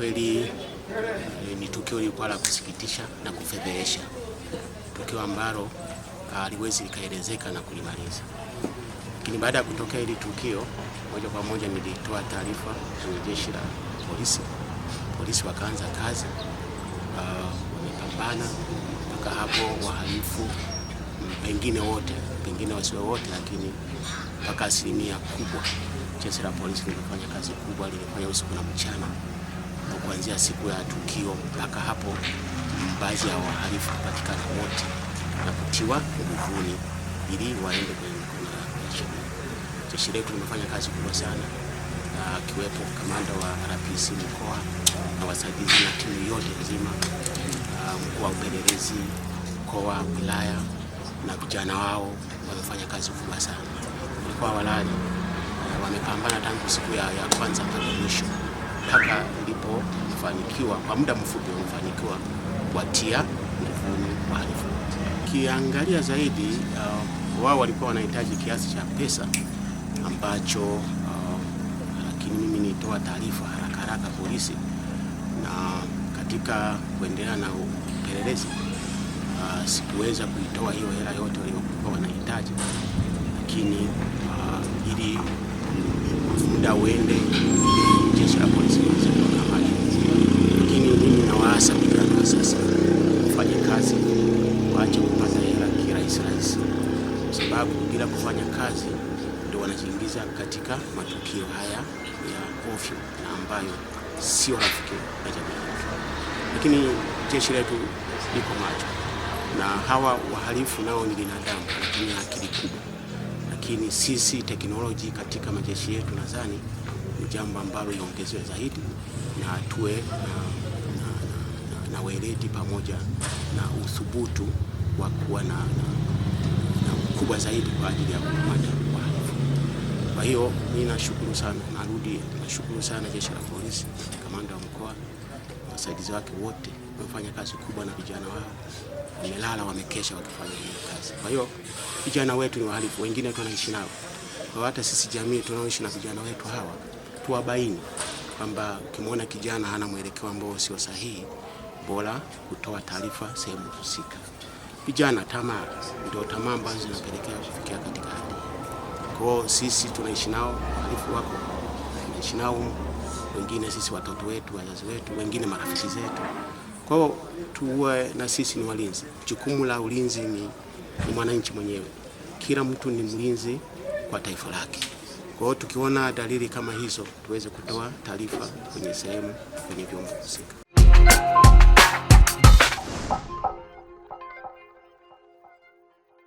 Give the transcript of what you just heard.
kweli e, ni tukio lilikuwa la kusikitisha na kufedhehesha, tukio ambalo ah, haliwezi likaelezeka na kulimaliza. Lakini baada ya kutokea hili tukio, moja kwa moja nilitoa taarifa kwenye jeshi la polisi. Polisi wakaanza kazi, ah, wamepambana mpaka hapo wahalifu pengine wote pengine wasiwe wote, lakini mpaka asilimia kubwa, jeshi la polisi lilifanya kazi kubwa, lilifanya usiku na mchana kuanzia siku ya tukio mpaka hapo baadhi ya wahalifu kupatikana wote na kutiwa nguvuni ili waende kwenye mikono ya sheria. Jeshi letu limefanya kazi kubwa sana, na akiwepo kamanda wa RPC mkoa na wasaidizi na timu yote nzima, ah, mkuu wa upelelezi mkoa, wilaya na vijana wao wamefanya kazi kubwa sana, walikuwa walali, ah, wamepambana tangu siku ya, ya kwanza mpaka mwisho kufanikiwa kwa muda mfupi, wamefanikiwa kuwatia nguvuni wahalifu. Ukiangalia zaidi, uh, wao walikuwa wanahitaji kiasi cha pesa ambacho uh, lakini mimi nitoa taarifa haraka haraka polisi, na katika kuendelea na upelelezi uh, sikuweza kuitoa hiyo hela yote waliokuwa wanahitaji, lakini uh, ili muda uende sababu bila kufanya kazi ndio wanajiingiza katika matukio haya ya ovyo na ambayo sio rafiki na jamii. Lakini jeshi letu liko macho, na hawa wahalifu nao ni binadamu, wanatumia akili kubwa. Lakini sisi teknoloji katika majeshi yetu nadhani ni jambo ambalo iongezewe zaidi na tuwe na, na, na, na, na weledi pamoja na uthubutu wa kuwa na, na kubwa zaidi kwa ajili ya kukamata wahalifu. Kwa hiyo mimi nashukuru sana, narudi nashukuru sana jeshi la polisi, kamanda wa mkoa, wasaidizi wake wote wamefanya kazi kubwa na vijana wao wamelala, wamekesha wakifanya hiyo kazi. Kwa hiyo vijana wetu ni wahalifu, wengine tunaishi nao, kwa hata sisi jamii tunaoishi na vijana wetu hawa tuwabaini kwamba ukimwona kijana hana mwelekeo ambao sio sahihi, bora kutoa taarifa sehemu husika vijana tamaa, ndio tamaa ambazo zinapelekea kufikia katika hali kwao. Sisi tunaishi nao, wahalifu wako tunaishi nao, wengine sisi watoto wetu, wazazi wetu, wengine marafiki zetu. Kwao tuwe na sisi ni walinzi. Jukumu la ulinzi ni, ni mwananchi mwenyewe. Kila mtu ni mlinzi kwa taifa lake. Kwa hiyo tukiona dalili kama hizo, tuweze kutoa taarifa kwenye sehemu, kwenye vyombo husika.